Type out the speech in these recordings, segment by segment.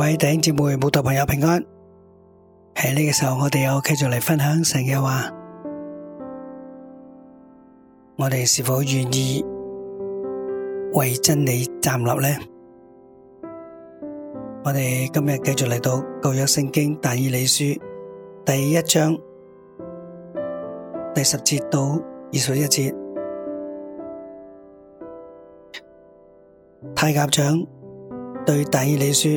各位弟兄姊妹慕道朋友平安，喺呢個時候我哋又繼續嚟分享神嘅話，我哋是否願意為真理站立呢？我哋今日繼續嚟到舊約聖經但以理書第一章第十節到二十一節，太監長對但以理說。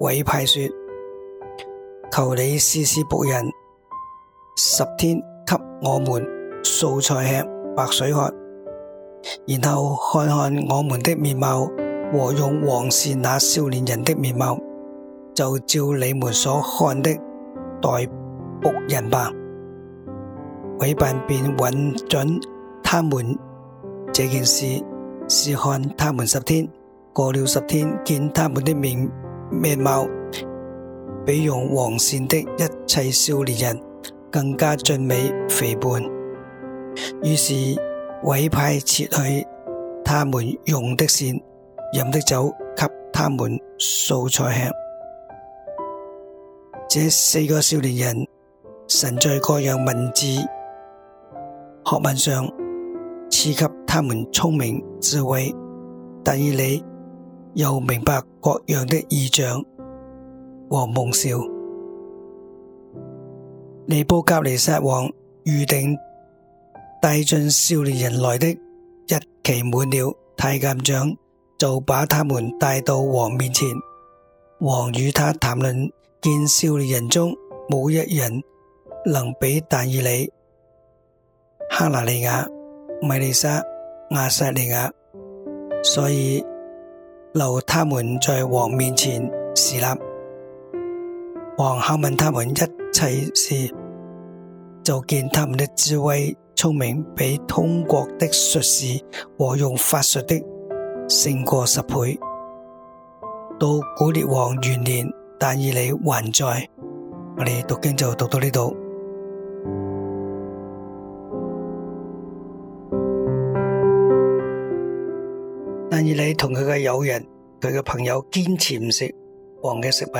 委派說：求你試試僕人，十天給我們素菜吃、白水喝，然後看看我們的面貌和用王膳那少年人的面貌，就照你們所看的待僕人吧。委辦便允准他們這件事，試看他們十天。過了十天，見他們的面。面貌比用王膳的一切少年人更加俊美肥胖，於是委辦撤去他們用的膳、飲的酒，給他們素菜吃。這四個少年人，神在各樣文字學問上賜給他們聰明智慧，但以理。又明白各樣的意象和夢兆。尼布甲尼撒王預定帶進少年人來的日期滿了，太監長就把他們帶到王面前。王與他談論，見少年人中冇一人能比但以理、哈拿尼雅、米利沙、亞撒利雅，所以。留他們在王面前侍立，王考問他們一切事，就見他們的智慧聰明比通國的術士和用法術的勝過十倍。到古列王元年，但以理還在，我哋讀經就讀到呢度。你同佢嘅友人，佢嘅朋友堅持唔食黃嘅食物，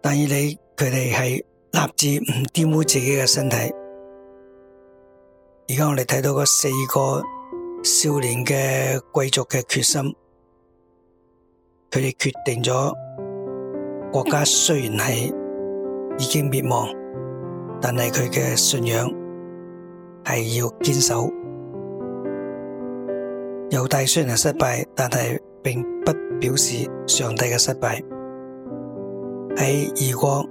但以理佢哋係立志唔玷污自己嘅身體。而家我哋睇到嗰四個少年嘅貴族嘅決心，佢哋決定咗國家雖然係已經滅亡。但係佢嘅信仰係要堅守，猶大雖然係失敗，但係並不表示上帝嘅失敗。喺異國，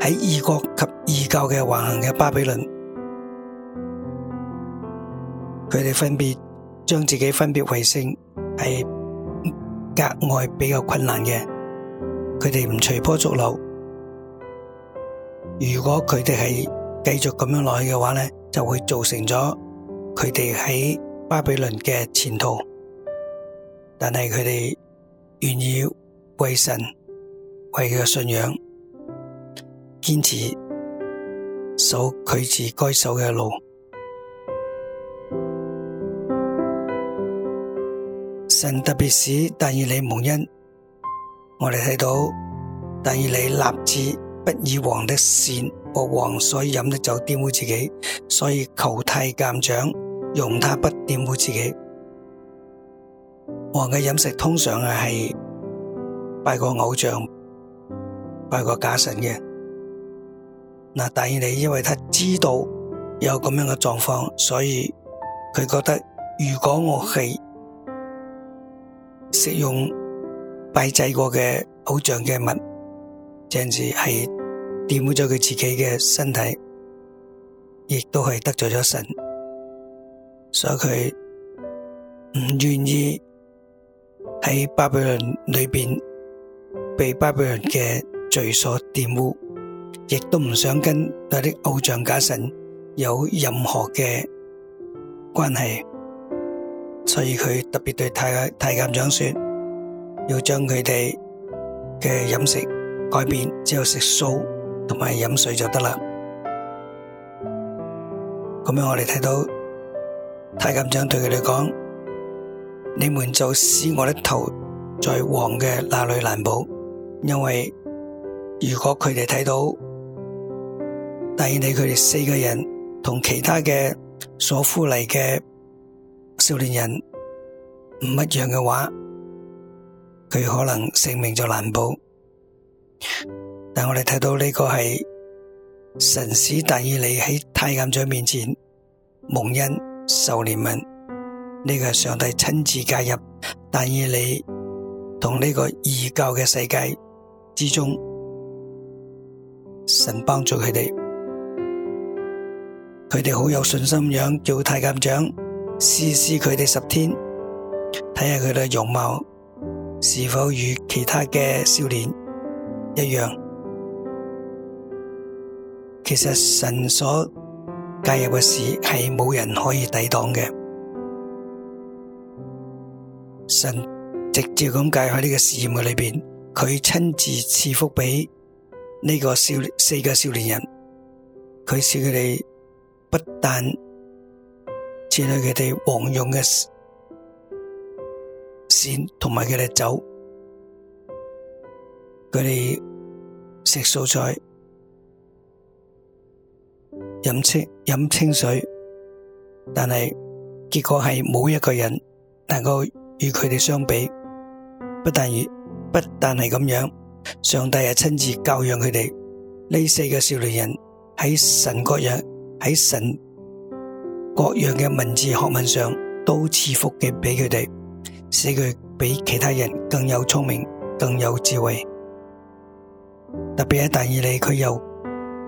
喺異國及異教嘅橫行嘅巴比倫，佢哋分別將自己分別為聖，係格外比較困難嘅。佢哋唔隨波逐流。如果佢哋係繼續咁樣落去嘅話咧，就會造成咗佢哋喺巴比倫嘅前途。但係佢哋願意為神為佢嘅信仰堅持守佢自該守嘅路。神特別使但以理蒙恩，我哋睇到但以理立志，不以王的善和王，所以飲的酒玷污自己，所以求太監長容他不玷污自己。王嘅飲食通常啊係拜過偶像，拜過假神嘅。嗱，但係呢，因為他知道有咁樣嘅狀況，所以佢覺得如果我係食用拜祭過嘅偶像嘅物，陣時係。玷污咗佢自己嘅身體，亦都係得罪咗神，所以佢唔願意喺巴比倫裏邊被巴比倫嘅罪所玷污，亦都唔想跟嗰啲偶像假神有任何嘅關係，所以佢特別對太太監長說，要將佢哋嘅飲食改變，只有食素。.同埋飲水就得啦。咁樣我哋睇到太監長對佢哋講：你們就使我的頭在王嘅那裏難保，因為如果佢哋睇到第二你佢哋四個人同其他嘅所夫嚟嘅少年人唔一樣嘅話，佢可能性命就難保。但我哋睇到呢個係神使但以理喺太監長面前蒙恩受憐憫，呢個係上帝親自介入，但以理同呢個異教嘅世界之中，神幫助佢哋，佢哋好有信心樣叫太監長試試佢哋十天，睇下佢哋容貌是否與其他嘅少年一樣。其實神所介入嘅事係冇人可以抵擋嘅，神直接咁介入呢個事業嘅裏邊，佢親自賜福俾呢個少四個少年人，佢賜佢哋不但賜咗佢哋黃楊嘅線，同埋佢哋酒，佢哋食素菜。飲清，飲清水，但係結果係冇一個人能夠與佢哋相比。不但如，不但係咁樣，上帝係親自教養佢哋呢四個少年人，喺神各樣，喺神各樣嘅文字學問上都賜福嘅俾佢哋，使佢比其他人更有聰明、更有智慧。特別喺但以理，佢又。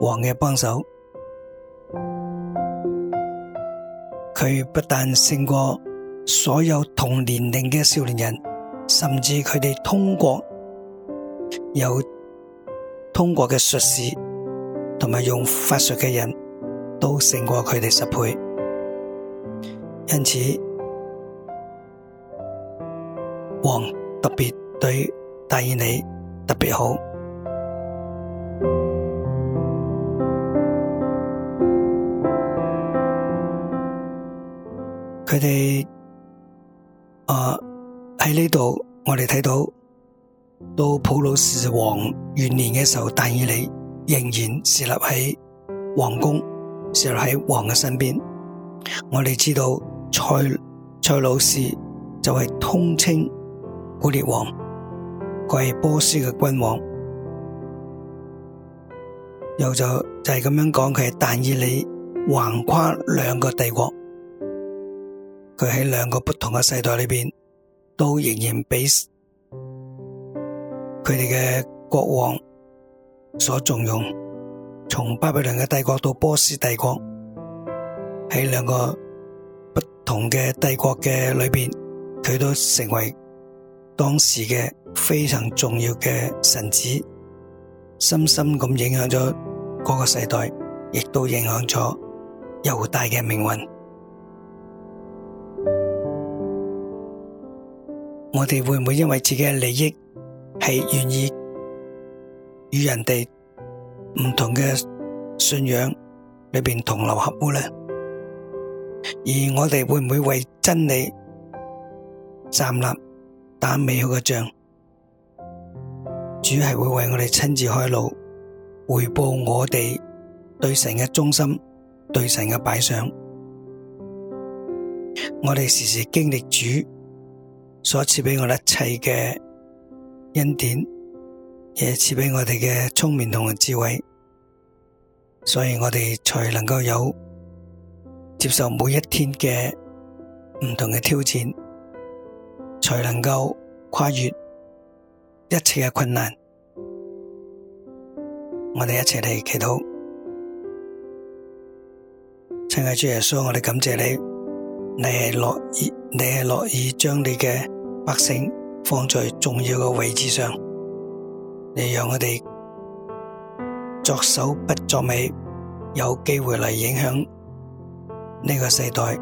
王嘅幫手，佢不但勝過所有同年齡嘅少年人，甚至佢哋通過有通過嘅術士同埋用法術嘅人都勝過佢哋十倍，因此王特別對但以理特別好。呃、我哋啊喺呢度，我哋睇到到普魯士王元年嘅時候，但以理仍然設立喺王宮，設立喺王嘅身邊。我哋知道蔡，蔡蔡魯士就係通稱古列王，佢係波斯嘅君王。又就就係咁樣講，佢係但以理橫跨兩個帝國。佢喺兩個不同嘅世代裏邊，都仍然俾佢哋嘅國王所重用。從巴比倫嘅帝國到波斯帝國，喺兩個不同嘅帝國嘅裏邊，佢都成為當時嘅非常重要嘅神子，深深咁影響咗嗰個世代，亦都影響咗猶大嘅命運。我哋會唔會因為自己嘅利益，係願意與人哋唔同嘅信仰裏邊同流合污咧？而我哋會唔會為真理站立，打美好嘅仗？主係會為我哋親自開路，回報我哋對神嘅忠心，對神嘅擺上。我哋時時經歷主，所賜俾我哋一切嘅恩典，亦係賜俾我哋嘅聰明同智慧，所以我哋才能夠有接受每一天嘅唔同嘅挑戰，才能夠跨越一切嘅困難。我哋一齊嚟祈禱，親愛嘅主耶穌，我哋感謝你，你係樂意，你係樂意將你嘅。百姓放在重要嘅位置上，你讓我哋作首不作尾，有機會嚟影響呢個世代。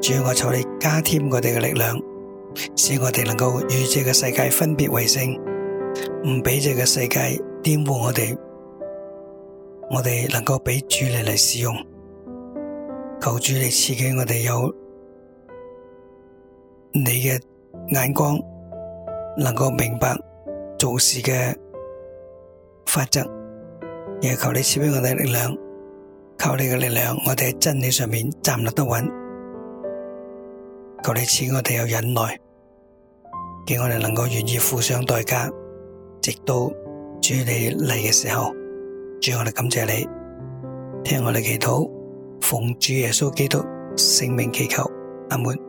主，我求你加添我哋嘅力量，使我哋能夠與這個世界分別為聖，唔俾這個世界玷污我哋，我哋能夠俾主嚟嚟使用。求主嚟刺激我哋有。你嘅眼光能夠明白做事嘅法則，也求你賜俾我哋力量。靠你嘅力量，我哋喺真理上面站立得穩。求你賜我哋有忍耐，叫我哋能夠願意付上代價，直到主你嚟嘅時候。主，我哋感謝你，聽我哋祈禱，奉主耶穌基督聖名祈求，阿門。